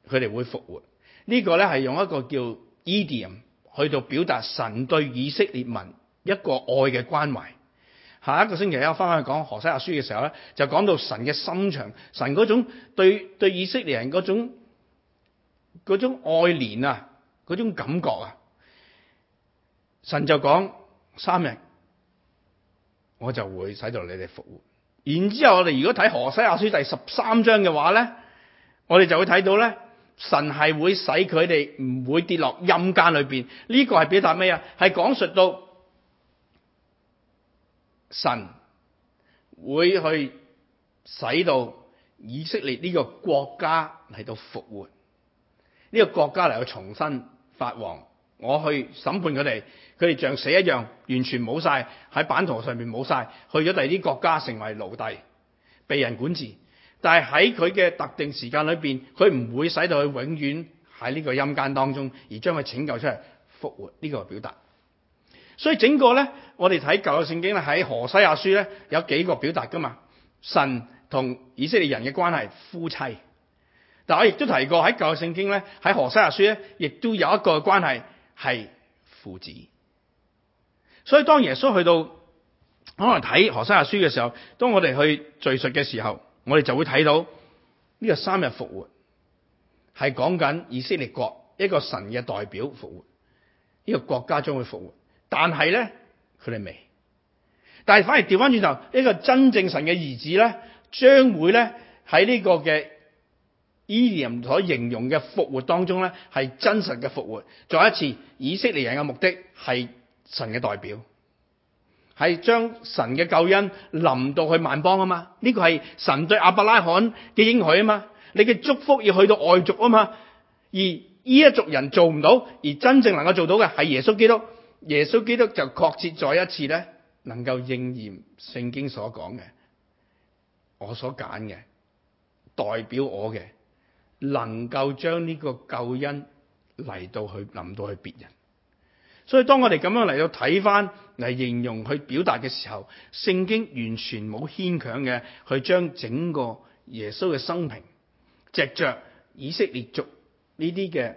佢哋會復活呢、這個咧係用一個叫 e d i edium 去到表達神對以色列民一個愛嘅關懷。下一個星期一翻返去講何西亞書嘅時候咧，就講到神嘅心腸，神嗰種對對以色列人嗰種嗰種愛憐啊，嗰種感覺啊，神就講三日我就會使到你哋復活。然之後我哋如果睇何西亞書第十三章嘅話咧，我哋就會睇到咧。神係會使佢哋唔會跌落陰間裏邊，呢個係表達咩啊？係講述到神會去使到以色列呢個國家嚟到復活，呢個國家嚟到重新發旺。我去審判佢哋，佢哋像死一樣，完全冇晒喺版圖上面冇晒，去咗第二啲國家成為奴隸，被人管治。但係喺佢嘅特定時間裏邊，佢唔會使到佢永遠喺呢個陰間當中，而將佢拯救出嚟復活。呢個表達，所以整個咧，我哋睇舊聖經咧，喺何西阿書咧有幾個表達噶嘛？神同以色列人嘅關係夫妻，但我亦都提過喺舊聖經咧，喺何西阿書咧，亦都有一個關係係父子。所以當耶穌去到可能睇何西阿書嘅時候，當我哋去敘述嘅時候。我哋就會睇到呢、這個三日復活係講緊以色列國一個神嘅代表復活，呢、這個國家將會復活，但係咧佢哋未，但係反而調翻轉頭一個真正神嘅兒子咧，將會咧喺呢個嘅伊 m 所形容嘅復活當中咧，係真實嘅復活。再一次，以色列人嘅目的係神嘅代表。係將神嘅救恩臨到去萬邦啊嘛？呢、這個係神對亞伯拉罕嘅應許啊嘛？你嘅祝福要去到外族啊嘛？而呢一族人做唔到，而真正能夠做到嘅係耶穌基督。耶穌基督就確切再一次咧，能夠應驗聖經所講嘅，我所揀嘅代表我嘅，能夠將呢個救恩嚟到去臨到去別人。所以當我哋咁樣嚟到睇翻嚟形容去表達嘅時候，聖經完全冇牽強嘅去將整個耶穌嘅生平，藉着以色列族呢啲嘅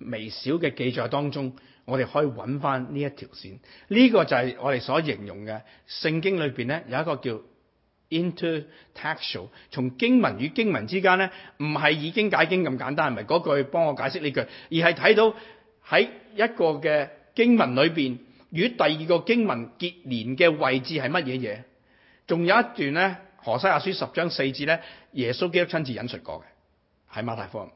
微小嘅記載當中，我哋可以揾翻呢一條線。呢個就係我哋所形容嘅聖經裏邊咧有一個叫 intertextual，從經文與經文之間咧，唔係以經解經咁簡單，係咪嗰句幫我解釋呢句，而係睇到喺一個嘅。經文裏邊與第二個經文結連嘅位置係乜嘢嘢？仲有一段咧，何西亞書十章四節咧，耶穌基督親自引述過嘅，喺馬太福音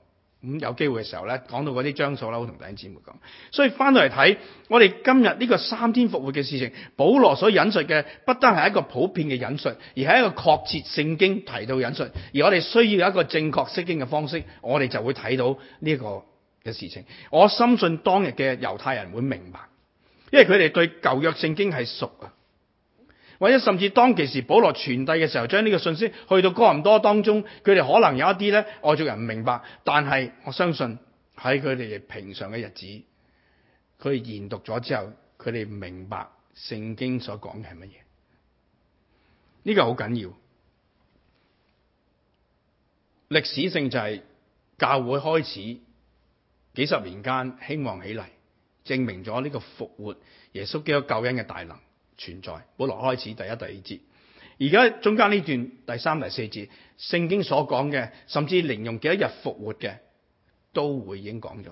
咁有機會嘅時候咧，講到嗰啲章數啦，好同弟兄姊妹講。所以翻到嚟睇，我哋今日呢個三天復活嘅事情，保羅所引述嘅，不單係一個普遍嘅引述，而係一個確切聖經提到引述。而我哋需要有一個正確釋經嘅方式，我哋就會睇到呢個。嘅事情，我深信當日嘅猶太人會明白，因為佢哋對舊約聖經係熟啊，或者甚至當其時保羅傳遞嘅時候，將呢個信息去到哥林多當中，佢哋可能有一啲咧外族人唔明白，但係我相信喺佢哋平常嘅日子，佢哋研讀咗之後，佢哋明白聖經所講嘅係乜嘢，呢個好緊要，歷史性就係教會開始。幾十年間興旺起嚟，證明咗呢個復活耶穌基督救恩嘅大能存在。保羅開始第一、第二節，而家中間呢段第三、第四節，聖經所講嘅，甚至連用幾多日復活嘅，都會已經講咗。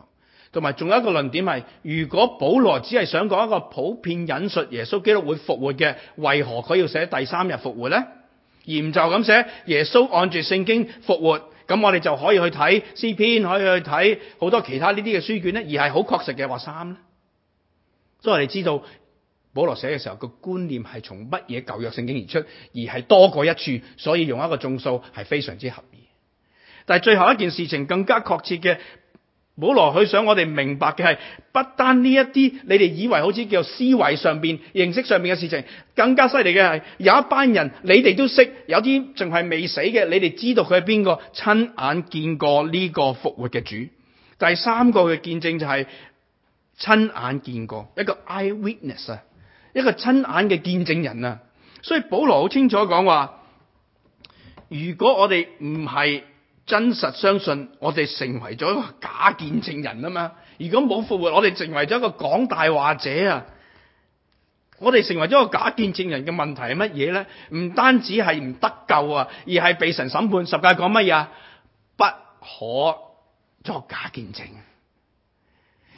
同埋仲有一個論點係，如果保羅只係想講一個普遍引述耶穌基督會復活嘅，為何佢要寫第三日復活呢？而唔就咁寫耶穌按住聖經復活？咁我哋就可以去睇詩篇，可以去睇好多其他呢啲嘅書卷咧，而係好確實嘅話三咧，所以我哋知道保羅寫嘅時候，個觀念係從乜嘢舊約聖經而出，而係多過一處，所以用一個眾數係非常之合理。但係最後一件事情更加確切嘅。保羅佢想，我哋明白嘅係，不單呢一啲你哋以為好似叫思維上邊、認識上面嘅事情，更加犀利嘅係有一班人，你哋都識，有啲仲係未死嘅，你哋知道佢係邊個，親眼見過呢個復活嘅主。第三個嘅見證就係親眼見過一個 eye witness 啊，一個親眼嘅見證人啊。所以保羅好清楚講話，如果我哋唔係真實相信，我哋成為咗一個假見證人啊嘛！如果冇復活，我哋成為咗一個講大話者啊！我哋成為咗個假見證人嘅問題係乜嘢呢？唔單止係唔得救啊，而係被神審判。十誡講乜嘢啊？不可作假見證。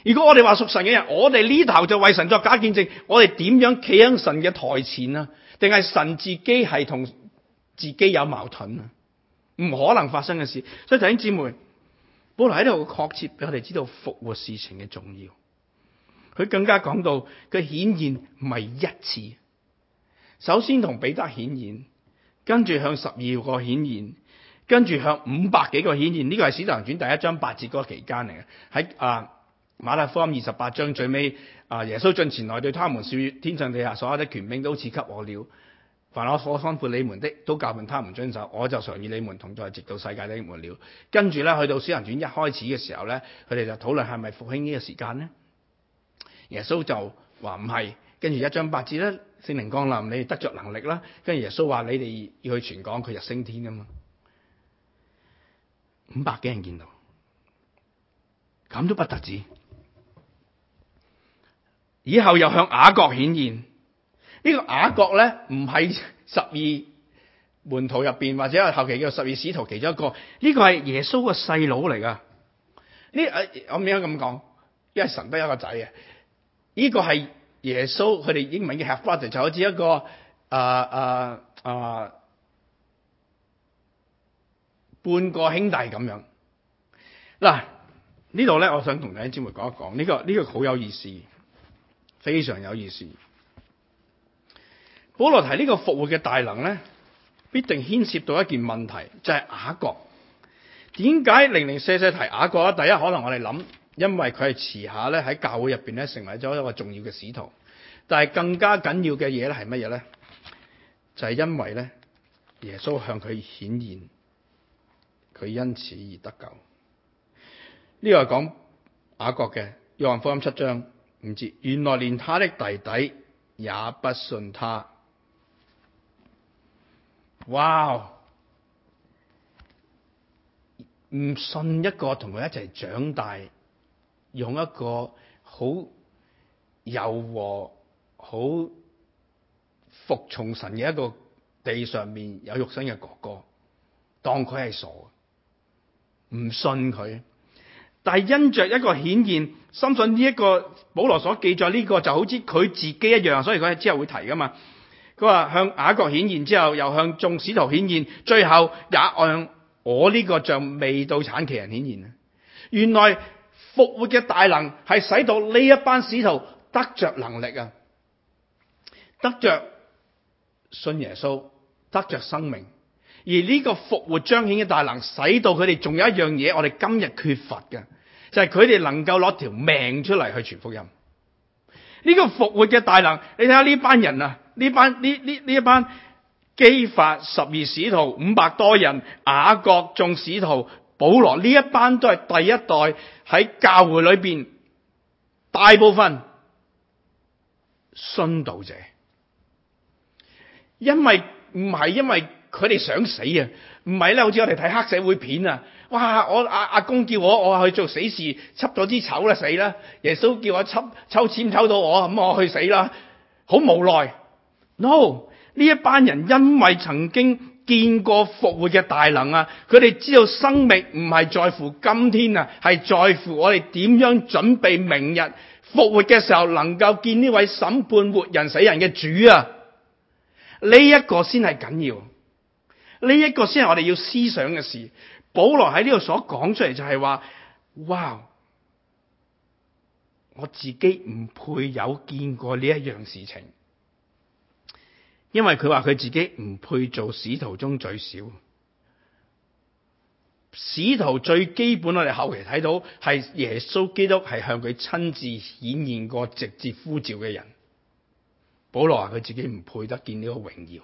如果我哋話屬神嘅人，我哋呢頭就為神作假見證，我哋點樣企喺神嘅台前啊？定係神自己係同自己有矛盾啊？唔可能發生嘅事，所以弟兄姊妹，保羅喺度確切俾我哋知道復活事情嘅重要。佢更加講到佢顯現唔係一次，首先同彼得顯現，跟住向十二個顯現，跟住向五百幾個顯現。呢、這個係《使徒行傳》第一章八節嗰期間嚟嘅，喺啊馬太福音二十八章最尾啊耶穌進前來對他們說：天上地下所有的權柄都賜給我了。凡我所吩咐你們的，都教訓他們遵守，我就常與你們同在，直到世界的末了。跟住咧，去到《小人傳》一開始嘅時候咧，佢哋就討論係咪復興呢個時間呢？耶穌就話唔係，跟住一章八字啦，聖靈降臨，你哋得着能力啦。跟住耶穌話：你哋要去全港，佢日升天啊嘛。五百幾人見到，咁都不特止。以後又向雅各顯現。這個國呢個雅各咧唔係十二門徒入邊，或者後期叫做十二使徒其中一個，呢、這個係耶穌的弟弟來的，這個細佬嚟噶。呢誒，我唔應該咁講？因為神都有一個仔嘅，呢、這個係耶穌佢哋英文嘅 half brother 就好似一個誒誒誒半個兄弟咁樣。嗱，這裏呢度咧，我想同大家專門講一講，呢、這個呢、這個好有意思，非常有意思。保羅提呢個復活嘅大能呢，必定牽涉到一件問題，就係、是、雅國。點解零零四四提雅國？第一，可能我哋諗，因為佢係遲下咧喺教會入邊咧成為咗一個重要嘅使徒。但係更加緊要嘅嘢咧係乜嘢呢？就係、是、因為咧耶穌向佢顯現，佢因此而得救。呢個係講雅國嘅約翰科音七章五知，原來連他的弟弟也不信他。哇！唔信一個同佢一齊長大，用一個好柔和、好服從神嘅一個地上面有肉身嘅哥哥，當佢係傻，唔信佢。但係因着一個顯現，深信呢一個保羅所記載呢個就好似佢自己一樣，所以佢係之後會提噶嘛。佢話向雅各顯現之後，又向眾使徒顯現，最後也向我呢個像未到產期人顯現啊！原來復活嘅大能係使到呢一班使徒得着能力啊，得着信耶穌，得着生命。而呢個復活彰顯嘅大能，使到佢哋仲有一樣嘢，我哋今日缺乏嘅，就係佢哋能夠攞條命出嚟去傳福音。呢個復活嘅大能，你睇下呢班人啊，呢班呢呢呢一班基法、十二使徒、五百多人、雅各、眾使徒、保羅呢一班都係第一代喺教會裏邊大部分殉道者，因為唔係因為佢哋想死啊，唔係咧，好似我哋睇黑社會片啊。哇！我阿阿公叫我，我去做死事，插咗支醜啦，死啦。耶穌叫我抽抽籤抽到我咁，我去死啦，好無奈。No，呢一班人因為曾經見過復活嘅大能啊，佢哋知道生命唔係在乎今天啊，係在乎我哋點樣準備明日復活嘅時候，能夠見呢位審判活人死人嘅主啊。呢一個先係緊要，呢一個先係我哋要思想嘅事。保羅喺呢度所講出嚟，就係話，哇！我自己唔配有見過呢一樣事情，因為佢話佢自己唔配做使徒中最少，使徒最基本我哋後期睇到係耶穌基督係向佢親自顯現過、直接呼召嘅人。保羅話佢自己唔配得見呢個榮耀。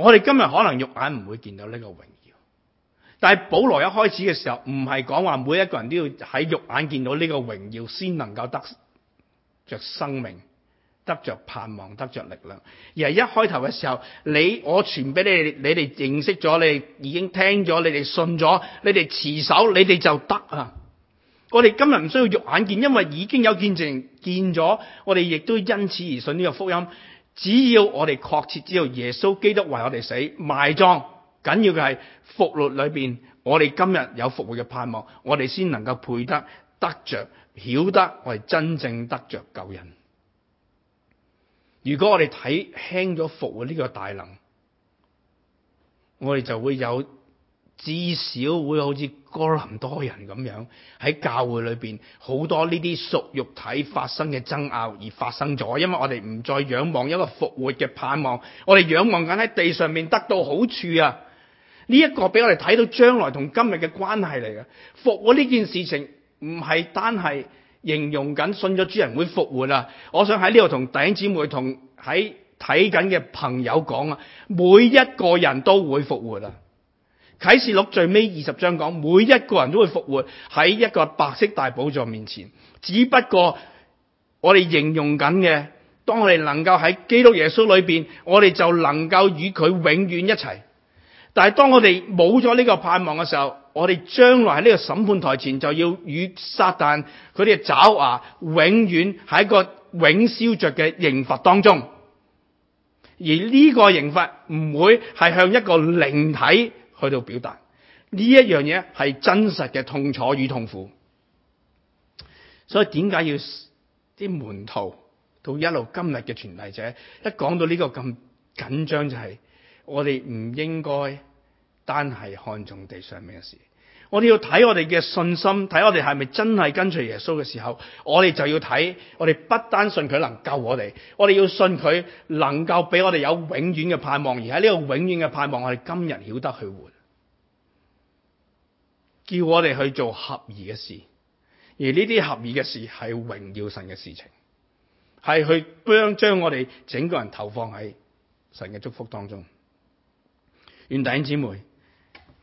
我哋今日可能肉眼唔會見到呢個榮耀，但係保羅一開始嘅時候，唔係講話每一個人都要喺肉眼見到呢個榮耀先能夠得着生命、得着盼望、得着力量，而係一開頭嘅時候，你我傳俾你，你哋認識咗，你哋已經聽咗，你哋信咗，你哋持守，你哋就得啊！我哋今日唔需要肉眼見，因為已經有見證見咗，我哋亦都因此而信呢個福音。只要我哋確切知道耶穌基督為我哋死、埋葬，緊要嘅係復活裏面，我哋今日有復活嘅盼望，我哋先能夠配得得着，曉得我哋真正得着救恩。如果我哋睇輕咗復活呢個大能，我哋就會有。至少會好似哥林多人咁樣喺教會裏邊，好多呢啲屬肉體發生嘅爭拗而發生咗，因為我哋唔再仰望一個復活嘅盼望，我哋仰望緊喺地上面得到好處啊！呢、這、一個俾我哋睇到將來同今日嘅關係嚟嘅復活呢件事情，唔係單係形容緊信咗主人會復活啦、啊。我想喺呢度同弟兄姊妹同喺睇緊嘅朋友講啊，每一個人都會復活啊！啟示錄最尾二十章講，每一個人都會復活喺一個白色大寶座面前。只不過我哋形容緊嘅，當我哋能夠喺基督耶穌裏邊，我哋就能夠與佢永遠一齊。但係當我哋冇咗呢個盼望嘅時候，我哋將來喺呢個審判台前就要與撒旦佢哋爪牙永遠喺一個永燒着嘅刑罰當中。而呢個刑罰唔會係向一個靈體。去到表達呢一樣嘢係真實嘅痛楚與痛苦，所以點解要啲門徒到一路今日嘅傳道者，一講到呢個咁緊張就係、是，我哋唔應該單係看重地上面嘅事。我哋要睇我哋嘅信心，睇我哋係咪真係跟隨耶穌嘅時候，我哋就要睇，我哋不單信佢能救我哋，我哋要信佢能夠俾我哋有永遠嘅盼望，而喺呢個永遠嘅盼望，我哋今日曉得去活，叫我哋去做合宜嘅事，而呢啲合宜嘅事係榮耀神嘅事情，係去將將我哋整個人投放喺神嘅祝福當中。願弟兄姊妹。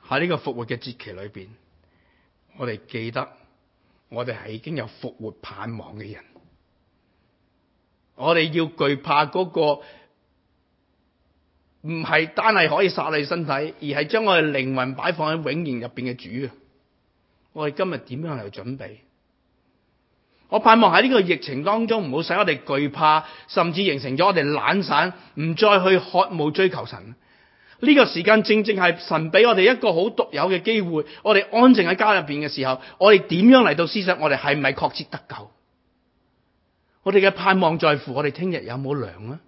喺呢個復活嘅節期裏邊，我哋記得我哋係已經有復活盼望嘅人，我哋要懼怕嗰個唔係單係可以殺你身體，而係將我哋靈魂擺放喺永遠入邊嘅主啊！我哋今日點樣嚟準備？我盼望喺呢個疫情當中，唔好使我哋懼怕，甚至形成咗我哋懶散，唔再去渴慕追求神。呢個時間正正係神俾我哋一個好獨有嘅機會，我哋安靜喺家入邊嘅時候，我哋點樣嚟到思索我哋係唔係確切得救？我哋嘅盼望在乎我哋聽日有冇糧啊？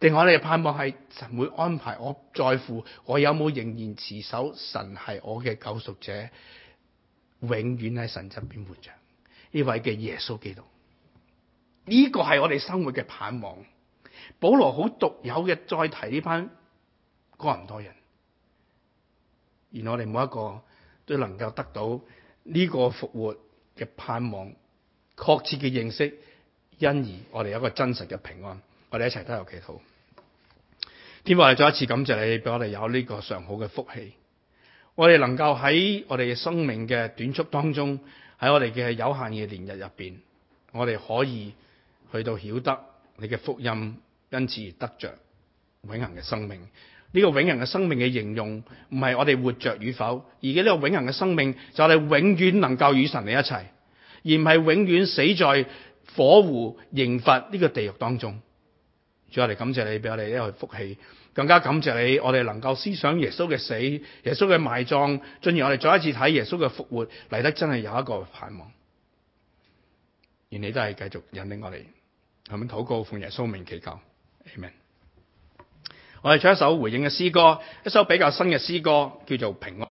定我哋嘅盼望係神會安排？我在乎我有冇仍然持守神係我嘅救贖者，永遠喺神側邊活着呢位嘅耶穌基督？呢、這個係我哋生活嘅盼望。保羅好獨有嘅再提呢班。多唔多人，而我哋每一個都能夠得到呢個復活嘅盼望，確切嘅認識，因而我哋有一個真實嘅平安。我哋一齊都有祈禱。天父，我再一次感謝你，俾我哋有呢個上好嘅福氣。我哋能夠喺我哋嘅生命嘅短促當中，喺我哋嘅有限嘅年日入邊，我哋可以去到曉得你嘅福音，因此而得着永恆嘅生命。呢個永恒嘅生命嘅形容，唔係我哋活着與否，而且呢個永恒嘅生命就係永遠能夠與神你一齊，而唔係永遠死在火湖刑罰呢個地獄當中。主啊，嚟感謝你俾我哋呢個福氣，更加感謝你，我哋能夠思想耶穌嘅死、耶穌嘅埋葬，進而我哋再一次睇耶穌嘅復活，嚟得真係有一個盼望。而你都係繼續引領我哋，咁樣禱告奉耶穌名祈求，阿門。我哋唱一首回應嘅詩歌，一首比較新嘅詩歌，叫做《平安》。